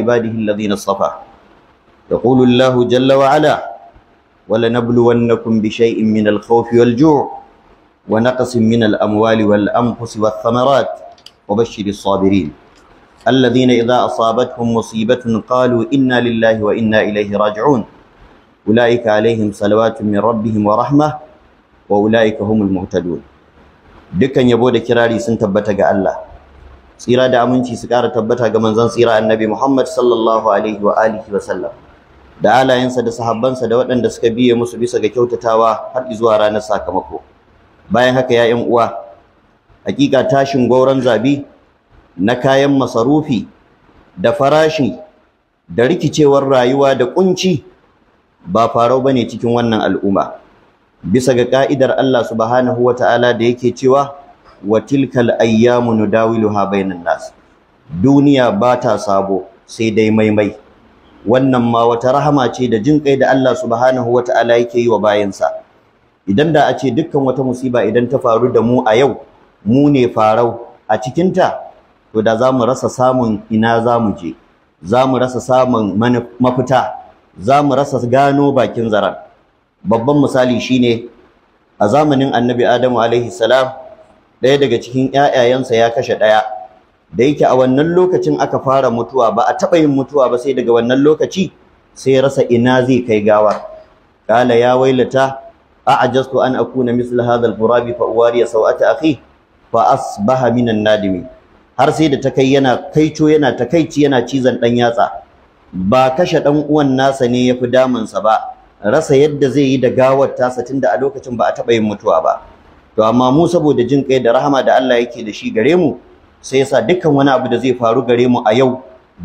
عباده الذين اصطفى يقول الله جل وعلا ولنبلونكم بشيء من الخوف والجوع ونقص من الأموال والأنفس والثمرات وبشر الصابرين الذين إذا أصابتهم مصيبة قالوا إنا لله وإنا إليه راجعون أولئك عليهم صلوات من ربهم ورحمة وأولئك هم المهتدون دكان يبود كراري سنتبتك الله tsira da aminci su ƙara tabbata ga manzon tsira annabi Muhammad sallallahu alaihi wa alihi wa sallam da alayensa da sahabbansa da waɗanda suka biye musu bisa ga kyautatawa har zuwa ranar sakamako bayan haka ya ƴan uwa hakika tashin gauran zabi na kayan masarufi da farashi da rikicewar rayuwa da kunci ba farau ne cikin wannan al'umma bisa ga ka'idar Allah subhanahu ta'ala da yake cewa wa tilkal ayyamu nudawiluha bainan nas duniya ba ta sabo sai dai maimai wannan ma wata rahama ce da jin kai da Allah subhanahu wata'ala yake yi wa bayansa idan da a ce dukkan wata musiba idan ta faru da mu a yau mu ne farau a cikin ta to da za mu rasa samun ina za je za rasa samun mafita zamu rasa gano bakin zaren babban misali shine a zamanin annabi adamu alaihi salam ɗaya daga cikin ƴaƴayensa ya kashe ɗaya da yake a wannan lokacin aka fara mutuwa ba a taɓa yin mutuwa ba sai daga wannan lokaci sai rasa ina zai kai gawar qala ya wailata a'jastu an akuna mithla hadha al-ghurabi fa sau sawati akhi fa asbaha minan nadimi har sai da ta kai yana kaico yana takaici yana cizon ɗan yatsa ba kashe dan uwan nasa ne yafi damunsa ba rasa yadda zai yi da gawar tasa tunda a lokacin ba a taɓa yin mutuwa ba to amma mu saboda jin kai da rahama da Allah yake da shi gare mu sai yasa dukkan wani abu da zai faru gare mu a yau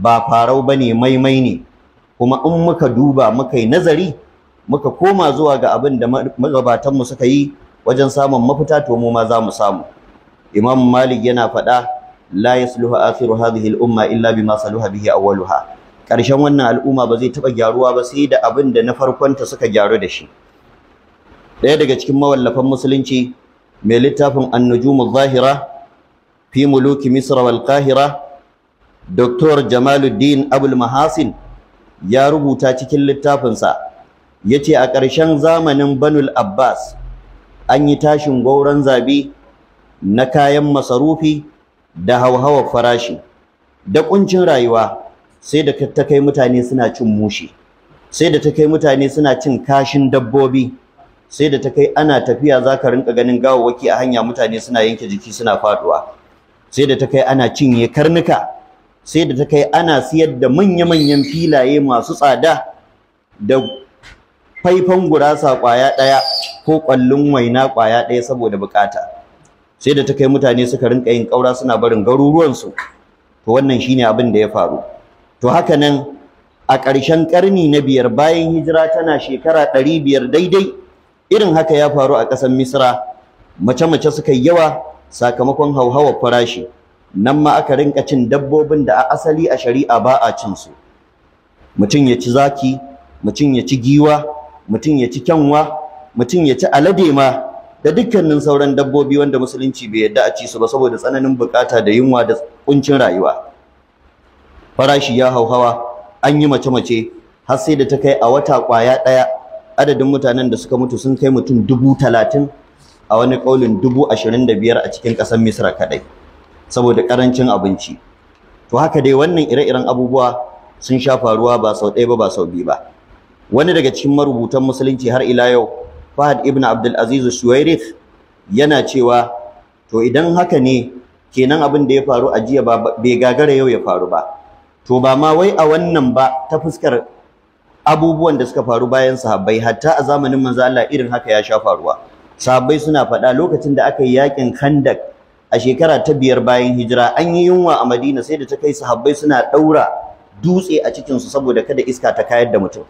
ba farau bane maimai ne kuma in muka duba muka yi nazari muka koma zuwa ga abin da magabatanmu suka yi wajen samun mafita to mu ma za mu samu imam malik yana faɗa la yasluhu akhiru hadhihi al-umma illa bima saluha bihi awwaluha ƙarshen wannan al'umma ba zai taɓa gyaruwa ba sai da abin da na ta suka gyaru da shi ɗaya daga cikin mawallafan musulunci mai littafin annujum zahira fi muluki misra wal kahira dr jamaluddin abul mahasin ya rubuta cikin littafinsa ya ce a ƙarshen zamanin banul abbas an yi tashin gauran zabi na kayan masarufi da hauhawan farashi da ƙuncin rayuwa sai da ta kai mutane suna cin mushi sai da ta kai mutane suna cin kashin dabbobi sai da ta kai ana tafiya za ka rinka ganin gawawaki a hanya mutane suna yanke jiki suna faduwa sai da ta kai ana cinye karnuka sai da ta kai ana siyar da manya-manyan filaye masu tsada da faifan gurasa kwaya ɗaya ko ƙwallon waina kwaya ɗaya saboda bukata sai da ta kai mutane suka rinka yin ƙaura suna barin garuruwansu to wannan shine abin da ya faru to haka nan a ƙarshen ƙarni na biyar bayan hijira tana shekara ɗari biyar daidai irin haka ya faru a ƙasar misra mace-mace suka yi yawa sakamakon hauhawar farashi nan ma aka rinka cin dabbobin da a asali a shari'a ba a cin su mutum ya ci zaki mutum ya ci giwa mutum ya ci kyanwa mutum ya ci alade ma da dukkanin sauran dabbobi wanda musulunci bai yadda a ci su ba saboda tsananin bukata da yunwa da kuncin rayuwa farashi ya hauhawa an yi mace-mace har sai da ta kai a wata kwaya ɗaya adadin mutanen da suka mutu sun kai mutum dubu talatin a wani ƙaulin dubu ashirin da biyar a cikin ƙasar misra kaɗai saboda ƙarancin abinci to haka dai wannan ire-iren abubuwa sun sha faruwa ba sau ɗaya ba ba sau biyu ba wani daga cikin marubutan musulunci har ila yau Fahad ibn Abdul Aziz yana cewa to idan haka ne kenan abin da ya faru a jiya ba bai gagara yau ya faru ba to ba ma wai a wannan ba ta fuskar abubuwan da suka faru bayan sahabbai hatta a zamanin manzo Allah irin haka ya sha faruwa sahabbai suna faɗa lokacin da aka yi yakin Khandak a shekara ta biyar bayan hijira an yi yunwa a Madina sai da ta kai sahabbai suna ɗaura dutse a cikin su saboda kada iska ta kayar da mutum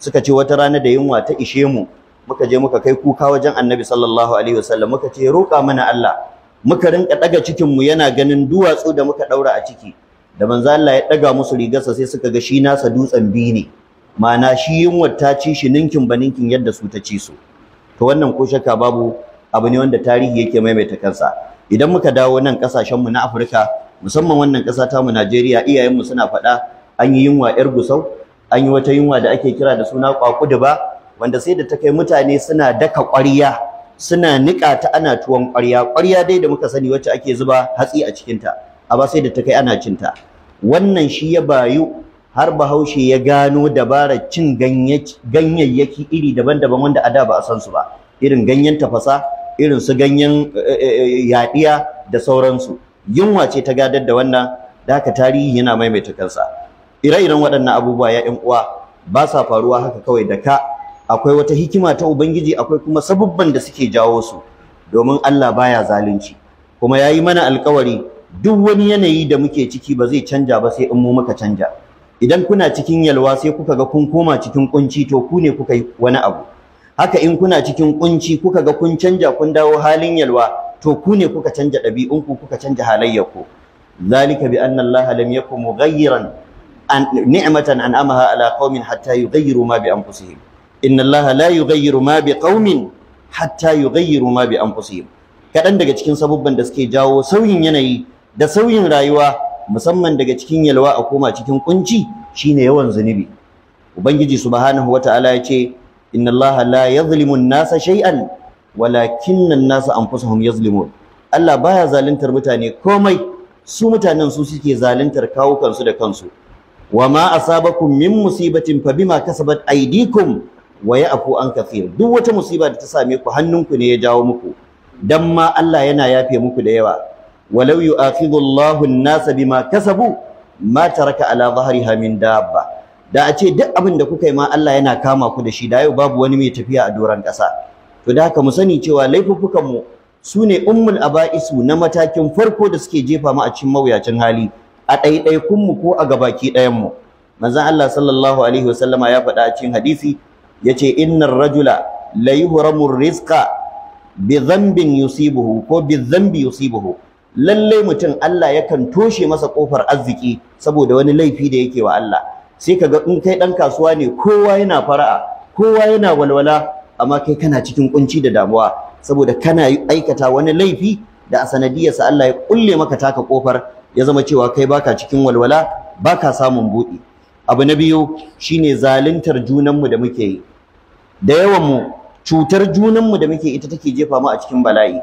suka ce wata rana da yunwa ta ishe mu muka je muka kai kuka wajen Annabi sallallahu alaihi wasallam muka ce roƙa mana Allah muka rinka daga cikin mu yana ganin duwatsu da muka daura a ciki da manzo Allah ya daga musu rigarsa sai suka ga shi nasa dutsen biyu ne ma'ana shi yunwar ta ci shi ninkin ba ninkin yadda su ta ci su to wannan ko shakka babu abu ne wanda tarihi yake maimaita kansa idan muka dawo nan kasashen mu na Afirka musamman wannan kasa ta mu Najeriya iyayen mu suna faɗa an yi yunwa yar gusau an yi wata yunwa da ake kira da suna ba, wanda sai da ta kai mutane suna daka ƙwarya suna nika ta ana tuwon ƙwarya ƙwarya dai da muka sani wacce ake zuba hatsi a cikinta a ba sai da ta kai ana cinta wannan shi ya bayu har bahaushe ya gano dabarar cin ganyayyaki iri daban-daban wanda a da ba a san su ba irin ganyen tafasa irin su ganyen eh, eh, eh, yaɗiya da sauransu yunwa ce ta gadar da wannan da haka tarihi yana maimaita kansa ire-iren waɗannan abubuwa ya uwa ba sa faruwa haka kawai da ka akwai wata hikima ta ubangiji akwai kuma sabubban da suke jawo su domin Allah baya zalunci kuma ya yi mana alkawari duk wani yanayi da muke ciki ba zai canja ba sai in mu muka canja idan kuna cikin yalwa sai kuka ga kun koma cikin kunci to ku ne kuka yi wani abu haka in kuna cikin kunci kuka ga kun canja kun dawo halin yalwa to ku ne kuka canja ɗabi'unku kuka canja halayyarku zalika bi anna allaha lam yakum mughayyiran an ni'matan an'amaha ala qaumin hatta yughayyiru ma bi anfusihim inna allaha la yughayyiru ma bi qaumin hatta yughayyiru ma bi anfusihim kadan daga cikin sabubban da suke jawo sauyin yanayi da sauyin rayuwa musamman daga cikin yalwa a koma cikin kunci shine yawan zunubi ubangiji subhanahu wataala ya ce inna allaha la yadhlimu an-nasa shay'an walakinna an-nasa anfusahum yazlimun Allah baya zaluntar mutane komai su mutanen su suke zaluntar kawo kansu da kansu wama asabakum min musibatin fa bima kasabat aydikum wa ya'fu an kathir duk wata musiba da ta same ku hannunku ne ya jawo muku dan ma Allah yana yafe muku da yawa Walauyu, yu'akhidhu Allahu an-nasa bima kasabu mata raka ala dhahriha min dabba da a ce duk abin da kuka yi ma Allah yana kama ku da shi da yau babu wani mai tafiya a doron ƙasa to da haka mu sani cewa laifuffukan mu sune ummul aba'isu na matakin farko da suke jefa mu a cikin mawuyacin hali a ɗaiɗaikun mu ko a gabaki ɗayan mu manzon Allah sallallahu alaihi wasallama ya faɗa a cikin hadisi yace innar rajula la yuhramu rizqa bi dhanbin yusibuhu ko bi dhanbi yusibuhu Lallai mutum Allah yakan toshe masa kofar arziki saboda wani laifi da yake wa Allah sai ka ga in kai ɗan kasuwa ne kowa yana fara'a kowa yana walwala amma kai kana cikin kunci da damuwa saboda kana aikata wani laifi da a sanadiyarsa Allah ya kulle maka taka kofar ya zama cewa kai baka cikin walwala baka samun buɗi abu na biyu shine zaluntar junanmu da muke yi da yawan mu cutar junanmu da muke ita take jefa mu a cikin bala'i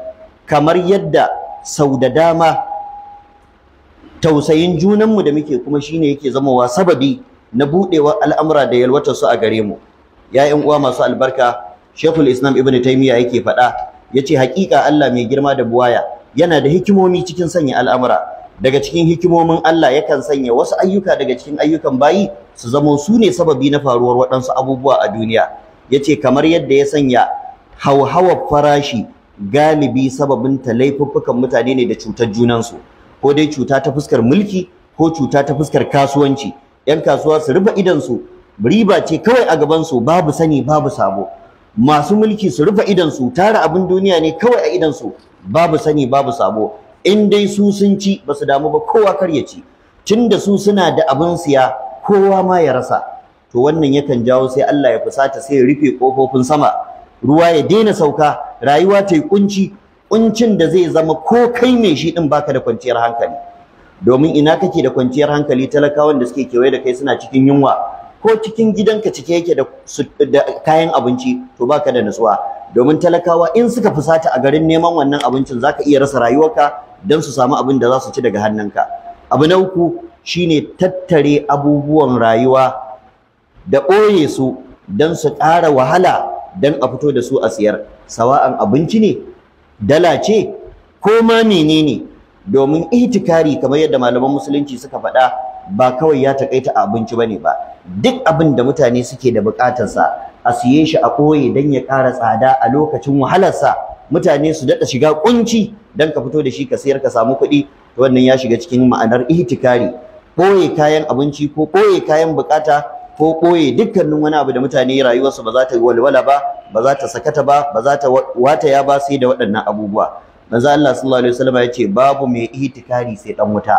kamar yadda sau da dama tausayin junanmu da muke kuma shi ne yake zamowa sababi na buɗewar al'amura da yalwatar su a gare mu Ya'yan uwa masu albarka shekul Islam Ibn taimiyya yake faɗa ce haƙiƙa Allah mai girma da buwaya yana da hikimomi cikin sanya al'amura daga cikin hikimomin Allah yakan sanya wasu ayyuka daga cikin ayyukan bayi su zamo su ne sababi na faruwar waɗansu abubuwa a duniya Ya ce kamar yadda ya sanya hauhawar farashi galibi sababin ta laifuffukan mutane ne da cutar junansu ko dai cuta ta fuskar mulki ko cuta ta fuskar kasuwanci yan kasuwa su rufe su riba ce kawai a gaban su babu sani babu sabo masu mulki su rufe su, tara abin duniya ne kawai a su, babu sani babu sabo in dai su sun ci ba su damu ba kowa kar ya ci tunda su suna da abin siya kowa ma ya rasa to wannan yakan jawo sai Allah ya fusata sai ya rufe kofofin sama ruwa ya daina sauka rayuwa ta yi kunci kuncin da zai zama ko kai mai shi din baka da kwanciyar hankali domin ina kake da kwanciyar hankali talakawan da suke kewaye da kai suna cikin yunwa ko cikin gidanka cike yake da, kayan abinci to baka da nutsuwa domin talakawa in suka fusata a garin neman wannan abincin zaka iya rasa rayuwarka dan su samu abin da za su ci daga hannunka abu na uku shine tattare abubuwan rayuwa da ɓoye su dan su ƙara wahala dan a fito da su a siyar sawa'an abinci ne dala ce ko ma menene domin itikari kamar yadda malaman musulunci suka faɗa ba kawai ya takaita a abinci bane ba duk abin da mutane suke da bukatarsa a siye shi a koye dan ya ƙara tsada a lokacin wahalarsa mutane su daɗa shiga ƙunci, don ka fito da shi ka siyar, ka samu kuɗi wannan ya shiga cikin ma'anar itikari, koye kayan abinci ko koye kayan bukata ko ɓoye dukkanin wani abu da mutane rayuwarsu ba za ta walwala ba ba za ta sakata ba ba za ta wata ya ba sai da waɗannan abubuwa manzo Allah sallallahu alaihi wasallam ya ce babu mai ihtikari sai dan wuta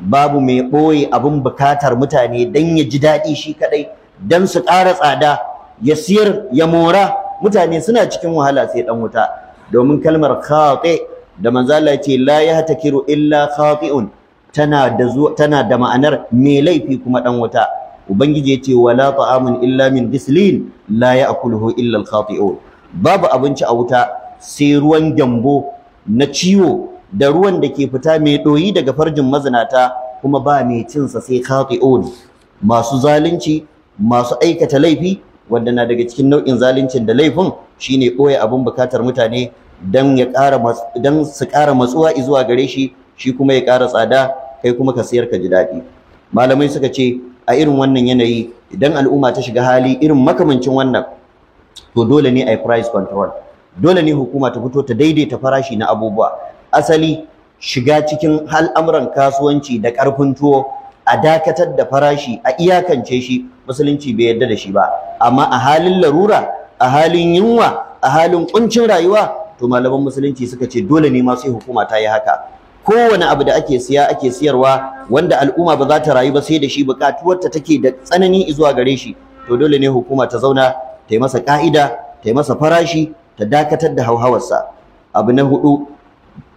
babu mai ɓoye abin bukatar mutane dan ya ji daɗi shi kadai dan su ƙara tsada ya siyar ya mora mutane suna cikin wahala sai dan wuta domin kalmar khati da manzo Allah ya ce la yahtakiru illa khati'un tana da tana da ma'anar mai laifi kuma dan wuta ubangiji yace wala ta'amun illa min ghislin la ya'kuluhu illa al-khati'un babu abinci a wuta sai ruwan gyambo na ciwo da ruwan da ke fita mai doyi daga farjin mazinata kuma ba mai cin sa sai khati'un masu zalunci masu aikata laifi wanda na daga cikin nau'in zaluncin da laifin shine ɓoye abin bukatar mutane dan ya ƙara dan su ƙara matsuwa zuwa gare shi shi kuma ya ƙara tsada kai kuma ka sayar ka ji daɗi malamai suka ce a irin wannan yanayi idan al'umma ta shiga hali irin makamancin wannan to dole ne a yi price control dole ne hukuma ta fito ta daidaita farashi na abubuwa asali shiga cikin al'amuran kasuwanci da ƙarfin tuwo a dakatar da farashi a iyakance shi musulunci bai yarda da shi ba amma a halin larura a halin yunwa a halin ƙuncin rayuwa to malaman musulunci suka ce dole ne ma sai hukuma ta yi haka kowane abu da ake siya ake siyarwa wanda al'umma ba za ta rayu ba sai da shi bukatuwarta take da tsanani zuwa gare shi to dole ne hukuma ta zauna ta yi masa ka'ida ta yi masa farashi ta dakatar da hauhawarsa abu na hudu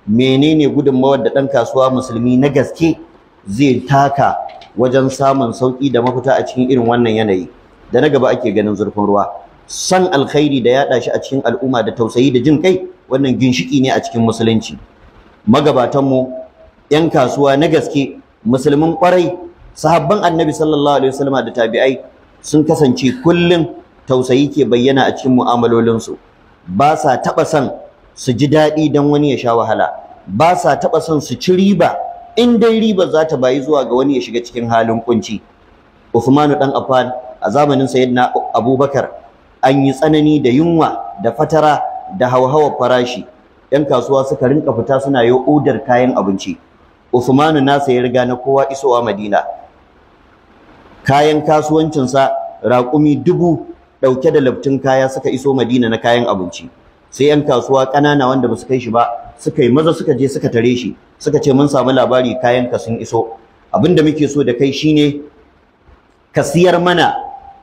menene gudunmawar da ɗan kasuwa musulmi na gaske zai taka wajen samun sauƙi da mafita a cikin irin wannan yanayi da na gaba ake ganin zurfin ruwa san alkhairi da yaɗa shi a cikin al'umma da tausayi da jin kai wannan ginshiki ne a cikin musulunci magabatanmu 'yan kasuwa na gaske musulmin kwarai sahabban annabi sallallahu alaihi wasallam da tabi'ai sun kasance kullum tausayi ke bayyana a cikin mu'amalolinsu ba sa taɓa son su ji daɗi don wani ya sha wahala ba sa taɓa son su ci riba in dai riba za ta bayi zuwa ga wani ya shiga cikin halin kunci Uthmanu dan Affan a zamanin sayyidina Abubakar an yi tsanani da yunwa da fatara da hauhawar farashi 'yan kasuwa suka rinka fita suna yi odar kayan abinci Usmanu nasa ya riga na kowa isowa Madina kayan kasuwancin sa raƙumi dubu ɗauke da laftin kaya suka iso Madina na kayan abinci sai 'yan kasuwa ƙanana wanda basu kai shi ba suka yi maza suka je suka tare shi suka ce mun samu labari kayan ka sun iso abinda muke so da kai shine ka siyar mana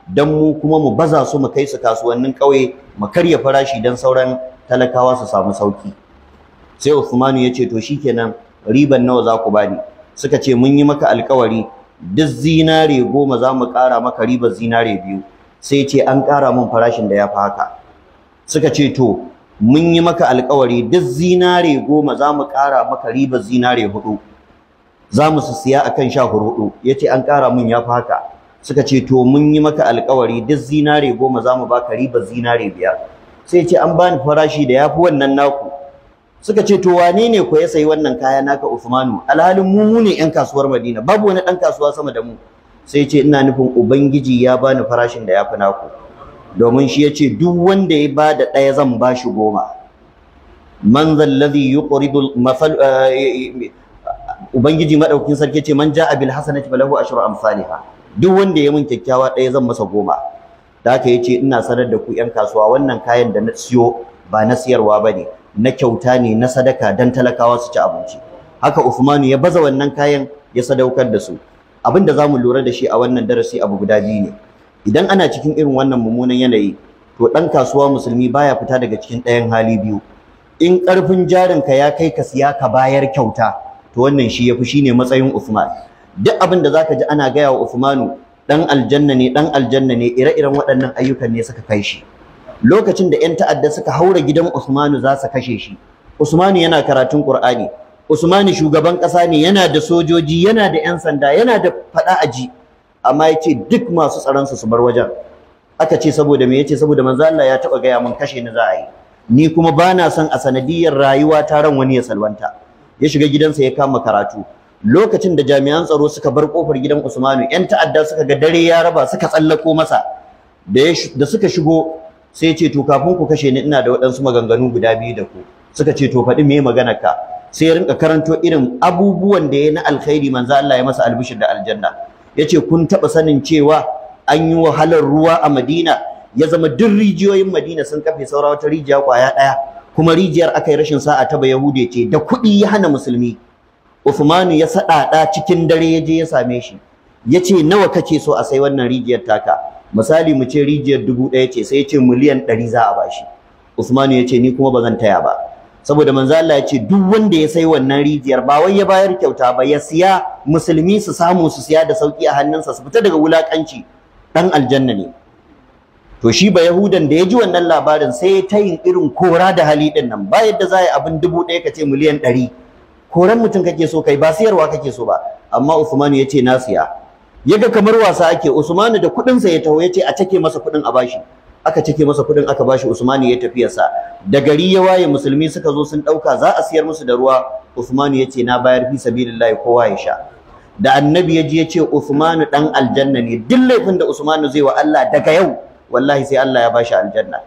dan mu kuma mu baza su mu kai su kasuwannin ƙauye mu karya farashi dan sauran talakawa su samu sauki sai Usmanu ya ce to shikenan riban nawa za ku bani suka ce mun yi maka alkawari duk zinare goma za mu ƙara maka ribar zinare biyu sai ce an ƙara mun farashin da ya fi haka suka ce to mun yi maka alkawari duk zinare goma za mu ƙara maka ribar zinare hudu za mu su siya a kan sha hudu ya ce an ƙara mun ya fi haka suka ce to mun yi maka alkawari duk zinare goma za mu baka ribar zinare biyar sai ce an bani farashi da yafi wannan naku suka ce to wane ne ku ya sayi wannan kaya naka Usmanu alhalin mu mu ne yan kasuwar Madina babu wani dan kasuwa sama da mu sai ce ina nufin ubangiji ya bani farashin da yafi naku domin shi yace duk wanda ya bada daya zan bashi goma man zallazi yuqridu eh, eh, ubangiji madaukin sarki ce man ja'a bil hasanati falahu ashru amsalha duk wanda ya mun kyakkyawa ɗaya zan masa goma da yi ce ina sanar da ku ƴan kasuwa wannan kayan da na siyo ba na siyarwa bane na kyauta ne na sadaka dan talakawa su ci abinci haka Usmanu ya baza wannan kayan ya sadaukar da su abinda zamu lura da shi a wannan darasi abu guda biyu ne idan ana cikin irin wannan mummunan yanayi to ɗan kasuwa musulmi baya fita daga cikin ɗayan hali biyu in ƙarfin ka ya kai ka siya ka bayar kyauta to wannan shi yafi shine matsayin Usman. duk abinda da zaka ji ana gaya wa Uthmanu dan aljanna ne dan aljanna ne ire-iren waɗannan ayyukan ne suka kai shi lokacin da 'yan ta'adda suka haura gidan Usmanu za su kashe shi Usmanu yana karatun Qur'ani Usmanu shugaban ƙasa ne yana da sojoji yana da 'yan sanda yana da faɗa aji amma yace duk masu tsaron su su bar wajen aka ce saboda me yace saboda manzo Allah ya taba gaya mun kashe ni za a yi ni kuma bana son a sanadiyar rayuwa ta ran wani ya salwanta ya shiga gidansa ya kama karatu lokacin da jami'an tsaro suka bar kofar gidan Usmanu yan ta'adda suka ga dare ya raba suka tsallako masa da suka shigo sai ce to kafin ku kashe ni ina da waɗansu maganganu guda biyu da ku suka ce to faɗi me magana ka sai ya rinka karanto irin abubuwan da ya na alkhairi manzo Allah ya masa albishir da aljanna yace kun taba sanin cewa an yi wahalar ruwa a Madina ya zama duk rijiyoyin Madina sun kafe saura wata rijiya kwaya ɗaya kuma rijiyar aka rashin sa'a ta Yahude ce da kuɗi ya hana musulmi Usmanu ya saɗaɗa cikin dare ya je ya same shi yace nawa kake so a sai wannan rijiyar taka misali mu ce rijiyar dubu ɗaya ce sai ya miliyan ɗari za a bashi Uthman ya ce ni kuma ba zan taya ba saboda manzo Allah ya ce duk wanda ya sai wannan rijiyar ba wai ya bayar kyauta ba ya siya musulmi su samu su siya da sauki a hannunsa su fita daga wulakanci dan aljanna ne to shi ba yahudan da ya ji wannan labarin sai ya tayin irin kora da hali din nan ba yadda za a yi abin dubu ɗaya ka ce miliyan ɗari koran mutum kake so kai ba siyarwa kake so ba amma usman yace na siya yaga kamar wasa ake Usmanu da kudin sa ya taho yace a cake masa kudin a bashi aka cike masa kudin aka bashi Usmanu ya tafi yasa da gari ya waye musulmi suka zo sun dauka za a siyar musu da ruwa ya yace na bayar fi sabilillah kowa ya sha da annabi ya ji yace Usmanu dan aljanna ne duk laifin da Usmanu zai wa Allah daga yau wallahi sai Allah ya bashi aljanna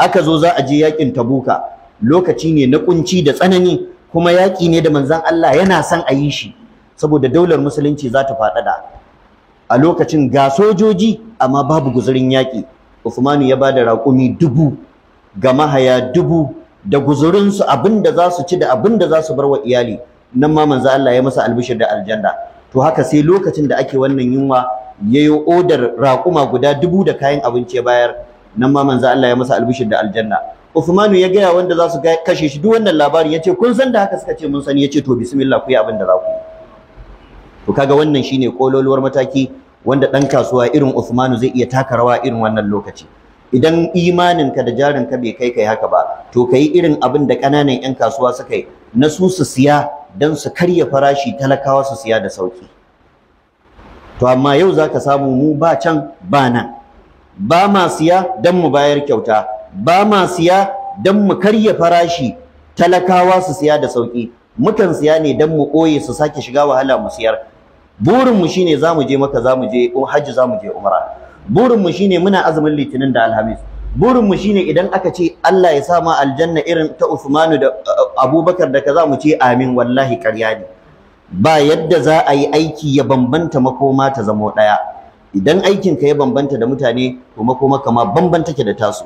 aka zo za a je yakin Tabuka lokaci ne na kunci da tsanani kuma yaƙi ne da manzon Allah yana son a yi shi saboda daular musulunci za ta faɗaɗa a lokacin ga sojoji amma babu guzurin yaƙi Usmanu ya bada raƙumi dubu ga mahaya dubu da su abinda za su ci da abinda za su bar wa iyali nan ma manzon Allah ya masa albishir da aljanna to haka sai lokacin da ake wannan yunwa yayo odar raƙuma guda dubu da kayan abinci ya bayar nan ma manzon Allah ya masa albishir da aljanna Uthmanu ya gaya wanda za su kashe shi duk wannan labarin ya ce kun san da haka suka ce mun sani ya ce to bismillah ku yi abin da za ku to kaga wannan shine kololuwar mataki wanda ɗan kasuwa irin Uthmanu zai iya taka rawa irin wannan lokaci idan imaninka da jarinka bai kai kai haka ba to kai irin abin da ƙananan 'yan kasuwa suka yi na su su siya don su karya farashi talakawa su siya da sauki to amma yau za ka samu mu ba can ba nan ba ma siya don mu bayar kyauta ba ma siya don mu karya farashi talakawa su siya da sauki mukan siya ne don mu ɓoye su sake shiga wahala mu siyar burinmu shine za mu je maka za mu je hajji za mu je umra burinmu shine muna azumin litinin da alhamis Burin mu shine idan aka ce Allah ya sa ma aljanna irin ta Usmanu da uh, Abubakar da kaza mu ce amin wallahi ƙarya ne ba yadda za a yi aiki ya bambanta makoma ta zamo ɗaya idan aikinka ya bambanta da mutane to makoma kama bambanta ke da tasu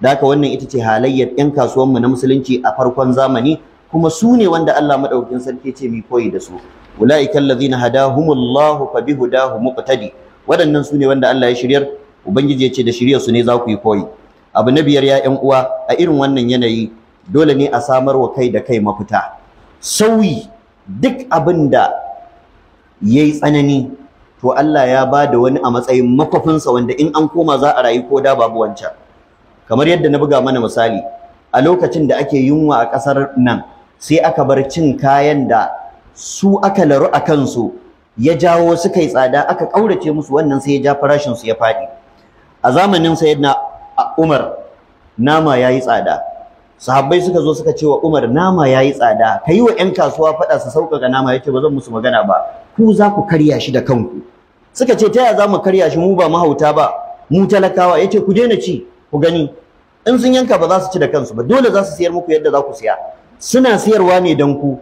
daka wannan ita ce halayyar 'yan kasuwanmu na musulunci a farkon zamani kuma su ne wanda Allah madaukakin sarki ce mu koyi da su ulaiikal ladzina hadahumullahu fa bihudahu muqtadi waɗannan su ne wanda Allah ya shiryar ubangiji ya ce da shiryar su ne za ku yi koyi abu na biyar ya ƴan uwa a irin wannan yanayi dole ne a samar wa kai da kai mafita sauyi duk abin da yayi tsanani to Allah ya ba da wani a matsayin makofinsa wanda in an koma za a rayu ko da babu wancan kamar yadda na buga mana misali a lokacin da ake yunwa a ƙasar nan sai aka bar cin kayan da su aka laru a kansu ya jawo suka yi tsada aka ƙaurace musu wannan sai ya ja farashin su ya faɗi a zamanin sayyidina Umar nama yayi tsada sahabbai suka zo suka ce wa Umar nama yayi tsada kai wa 'yan kasuwa faɗa su sauƙaƙa nama yace ba zan musu magana ba ku za ku karya shi da kanku suka ce ta yaya za mu karya shi mu ba mahauta ba mu talakawa yace ku daina ci ku gani in sun yanka ba za su ci da kansu ba dole za su siyar muku yadda za ku siya suna siyarwa ne don ku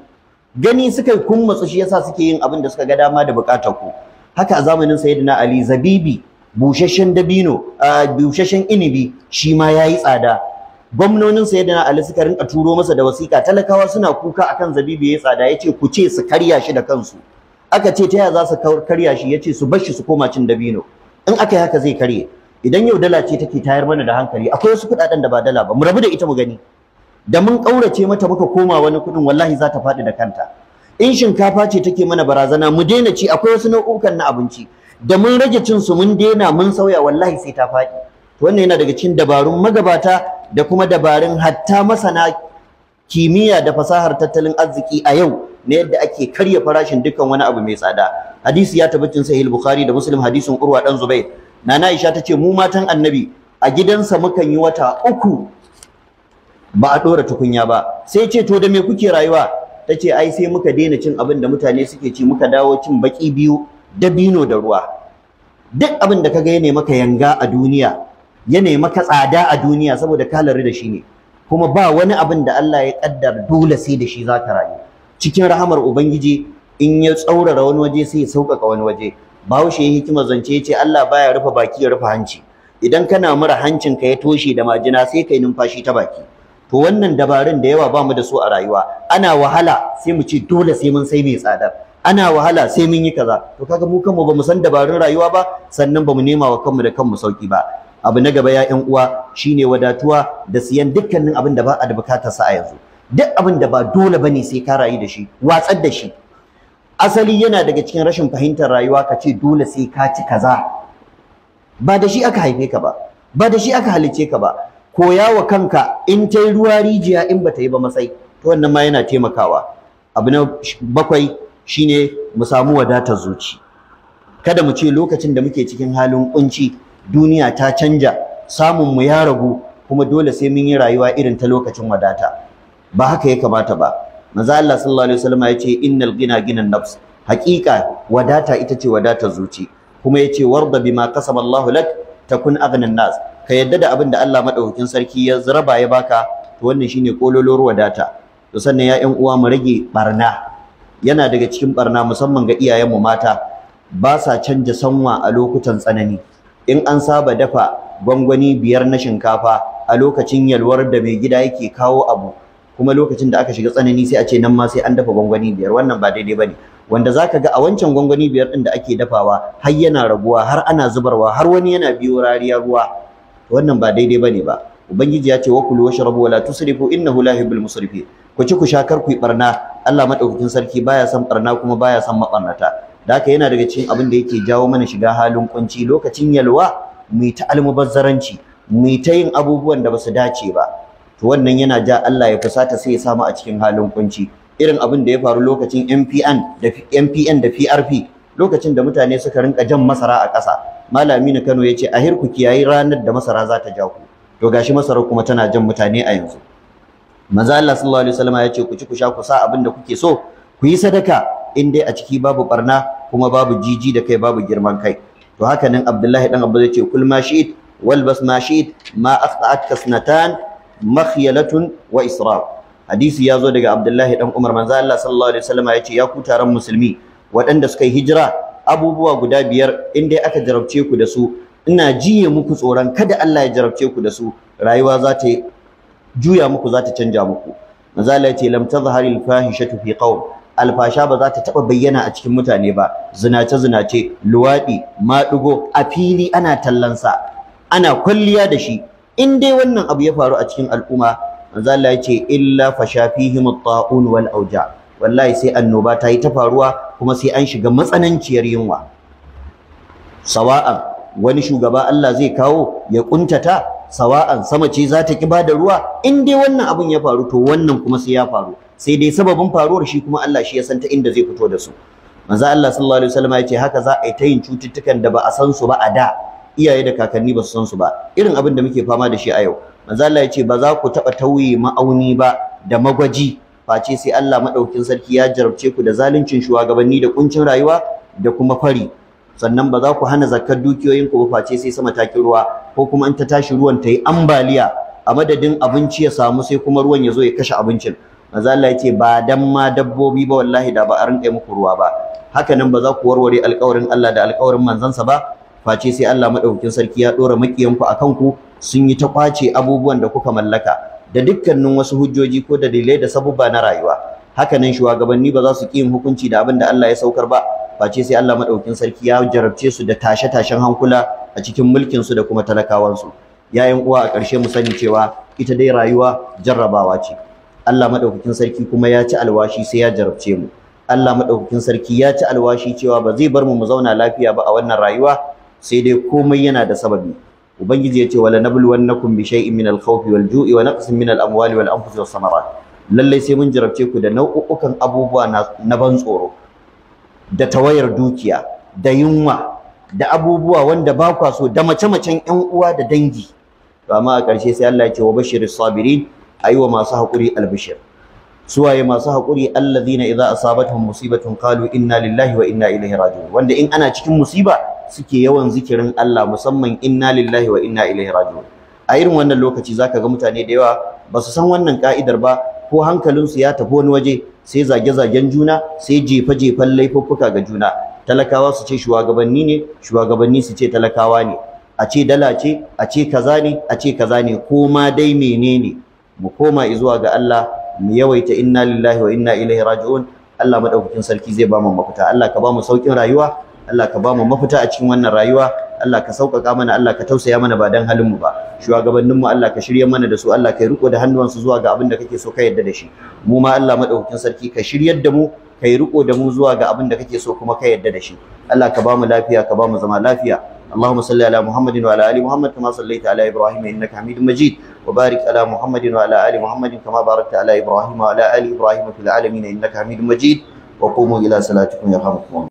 gani suka yi kun matsu shi yasa suke yin abin da suka ga dama da bukatar ku haka a zamanin sayyidina ali zabibi bushashen dabino bushashen inibi shi ma yayi tsada gwamnonin sayyidina ali suka rinka turo masa da wasiƙa. talakawa suna kuka akan zabibi yayi tsada yace ku ce su karya shi da kansu aka ce ta yaya za su karya shi ya ce su bar shi su koma cin dabino in aka yi haka zai karye idan yau dala ce take tayar mana da hankali akwai wasu kuɗaɗen da ba dala ba mu rabu da ita mu gani da mun kaurace mata muka koma wani kuɗin wallahi za ta faɗi da kanta in shinkafa ce take mana barazana mu daina ci akwai wasu nau'ukan na abinci da mun rage cin su mun daina mun sauya wallahi sai ta faɗi to wannan yana daga cikin dabarun magabata da kuma dabarun hatta masana kimiyya da fasahar tattalin arziki a yau na yadda ake karya farashin dukkan wani abu mai tsada hadisi ya tabbatin sahih bukhari da muslim hadisin urwa dan zubair nana Aisha tace mu matan annabi a gidansa mukan yi wata uku ba a dora tukunya ba sai ce to da me kuke rayuwa tace ai sai muka daina cin abin da mutane suke ci muka dawo cin baki biyu dabino da ruwa duk abin da kaga yana maka yanga a duniya yana maka tsada a duniya saboda ka da shi ne kuma ba wani abin da Allah ya kaddar dole sai da shi zaka rayu cikin rahamar ubangiji in ya tsaurara wani waje sai ya sauƙaƙa wani waje bahaushe ya hikima zance ya ce Allah baya rufe baki ya rufe hanci idan kana mura hancin ka ya toshe da majina sai kai numfashi ta baki to wannan dabarun da yawa bamu da su a rayuwa ana wahala sai mu ce dole sai mun sai mai tsada ana wahala sai mun yi kaza to kaga mu kanmu bamu san dabarun rayuwa ba sannan ba mu nema wa kanmu da kanmu sauki ba abu na gaba ya ƴan uwa shine wadatuwa da siyan dukkanin abin da ba a da bukatar a yanzu duk abin da ba dole ba ne sai ka rayu da shi watsar da shi asali yana daga cikin rashin fahimtar rayuwa ka ce dole sai ka ci kaza ba da shi aka haife ka ba ba da shi aka halice ka ba koya wa kanka in ta yi ruwa rijiya in ba ta yi ba matsayi to wannan ma yana taimakawa abu na bakwai shine mu samu wadatar zuci kada mu ce lokacin da muke cikin halin kunci duniya ta canja samun mu ya ragu kuma dole sai mun yi rayuwa irin ta lokacin wadata ba haka ya kamata ba Maza Allah sallallahu alaihi wasallam yace innal gina ginan nafs haqiqa wadata ita ce wadata zuci kuma yace warda bima kasaba Allahu lak takun aghnan nas ka yadda da abin da Allah madaukakin sarki ya ya baka to wannan shine kololor wadata to sannan ya ƴan uwa mu rage barna yana daga cikin barna musamman ga iyayen mu mata ba sa canja sanwa a lokutan tsanani in an saba dafa gwangwani biyar na shinkafa a lokacin yalwar da mai gida yake kawo abu kuma lokacin da aka shiga tsanani sai a ce nan ma sai an dafa gwangwani biyar wannan ba daidai bane wanda zaka ga a wancan gwangwani biyar din da ake dafawa har yana raguwa har ana zubarwa har wani yana biyo rariya ruwa wannan ba daidai bane ba ubangiji ya ce wa kulu washrabu wala tusrifu innahu la yuhibbul musrifin ku ci ku sha kar ku yi barna Allah madaukakin sarki baya son barna kuma baya son mabarnata da haka yana daga cikin abin da yake jawo mana shiga halin kunci lokacin yalwa mu yi ta almubazzaranci mu yi ta yin abubuwan da ba dace ba to wannan yana ja Allah ya fusata sai ya samu a cikin halin kunci irin abin da ya faru lokacin MPN da MPN da PRP lokacin da mutane suka rinka jan masara a ƙasa malami na Kano yace a hirku kiyayi ranar da masara za ta ja ku to gashi masara kuma tana jan mutane a yanzu manzo Allah sallallahu alaihi wasallam yace ku ci ku sha ku sa abin da kuke so ku yi sadaka in dai a ciki babu barna kuma babu jiji da kai babu girman kai to haka nan Abdullahi dan Abba yace kul ma shi'it walbas ma shi'it ma akhta'atka kasnatan makhyalatun wa israf hadisi ya zo daga Abdullahi dan Umar manzo Allah sallallahu alaihi wasallam ya ce ya ku taron musulmi waɗanda suka yi hijira abubuwa guda biyar in dai aka jarabce ku da su ina jiye muku tsoron kada Allah ya jarabce ku da su rayuwa za ta juya muku za ta canja muku manzo Allah yace ce lam fahishatu fi qaum alfasha ba za ta taɓa bayyana a cikin mutane ba zinace-zinace luwaɗi maɗigo a fili ana tallansa ana kwalliya da shi in dai wannan abu ya faru a cikin al'umma manzo Allah ya ce illa fashafihim at-ta'un wal auja wallahi sai annoba ta yi ta faruwa kuma sai an shiga matsananciyar yunwa sawa'an wani shugaba Allah zai kawo ya kuntata sawa'an sama ce za ta ki bada ruwa in dai wannan abun ya faru to wannan kuma sai ya faru sai dai sababin faruwar shi kuma Allah shi ya san ta inda zai fito da su manzo Allah sallallahu alaihi wasallam ya ce haka za a yi ta yin cututtukan da ba a san su ba a da iyaye da kakanni ba su san su ba irin abin da muke fama da shi a yau manzo Allah ya ce ba za ku taɓa tauye ma'auni ba da magwaji face sai Allah madaukin sarki ya jarabce ku da zaluncin shugabanni da kuncin rayuwa da kuma fari sannan ba za ku hana zakkar dukiyoyin ku ba face sai sama takin ruwa ko kuma in ta tashi ruwan ta yi ambaliya a madadin abinci ya samu sai kuma ruwan ya zo ya kashe abincin manzo Allah ya ce ba dan ma dabbobi ba wallahi da ba a rinka muku ruwa ba haka nan ba za ku warware alƙawarin Allah da alƙawarin manzansa ba face sai Allah madaukakin sarki ya dora makiyanku akan ku sun yi ta kwace abubuwan da kuka mallaka da dukkanin wasu hujjoji ko dalilai da sabubba na rayuwa haka nan shugabanni ba za su ki yin hukunci da abin da Allah ya saukar ba face sai Allah madaukakin sarki ya jarabce su da tashe-tashen hankula a cikin mulkin su da kuma talakawansu yayin uwa a ƙarshe mu sani cewa ita dai rayuwa jarrabawa ce Allah madaukakin sarki kuma ya ci alwashi sai ya jarabce mu Allah madaukakin sarki ya ci alwashi cewa ba zai bar mu mu zauna lafiya ba a wannan rayuwa sai dai komai yana da sababi ubangiji yace wala nabluwannakum bi shay'in min al-khawfi wal-ju'i wa naqsin min al-amwali wal-anfusi was-samarat lallai sai mun jarabce ku da nau'ukan abubuwa na ban tsoro da tawayar dukiya da yunwa da abubuwa wanda ba kwa so da mace-macen 'yan uwa da dangi to amma a ƙarshe sai Allah ya ce wa bashiris sabirin wa masu haƙuri Su suwaye masu haƙuri alladhina idza asabatuhum musibatun qalu inna lillahi wa inna ilaihi raji'un wanda in ana cikin musiba suke yawan zikirin Allah musamman inna lillahi wa inna ilaihi raji'un a irin wannan lokaci zaka ga mutane da yawa ba su san wannan ka'idar ba ko hankalinsu ya tafi wani waje sai zage-zagen juna sai jefa-jefan laifuffuka ga juna talakawa su ce shugabanni ne shugabanni su ce talakawa ne a ce dala ce a ce kaza ne a ce kaza ne ko ma dai menene mu koma zuwa ga Allah mu yawaita inna lillahi wa inna ilaihi raji'un Allah madaukakin sarki zai ba mu mafita Allah ka ba mu saukin rayuwa Allah ka bamu mafita a cikin wannan rayuwa Allah ka sauƙaƙa mana Allah ka tausaya mana ba dan halin mu ba shugabannin mu Allah ka shirye mana da su Allah ka riko da hannuwansu zuwa ga abin da kake so ka yarda da shi mu ma Allah madaukakin sarki ka shiryar da mu ka riko da mu zuwa ga abin da kake so kuma ka yarda da shi Allah ka bamu lafiya ka bamu zama lafiya اللهم صل على محمد وعلى ال محمد كما صليت على ابراهيم انك حميد مجيد وبارك على محمد وعلى ال محمد كما باركت على ابراهيم وعلى ال ابراهيم في العالمين انك حميد مجيد وقوموا الى صلاتكم يرحمكم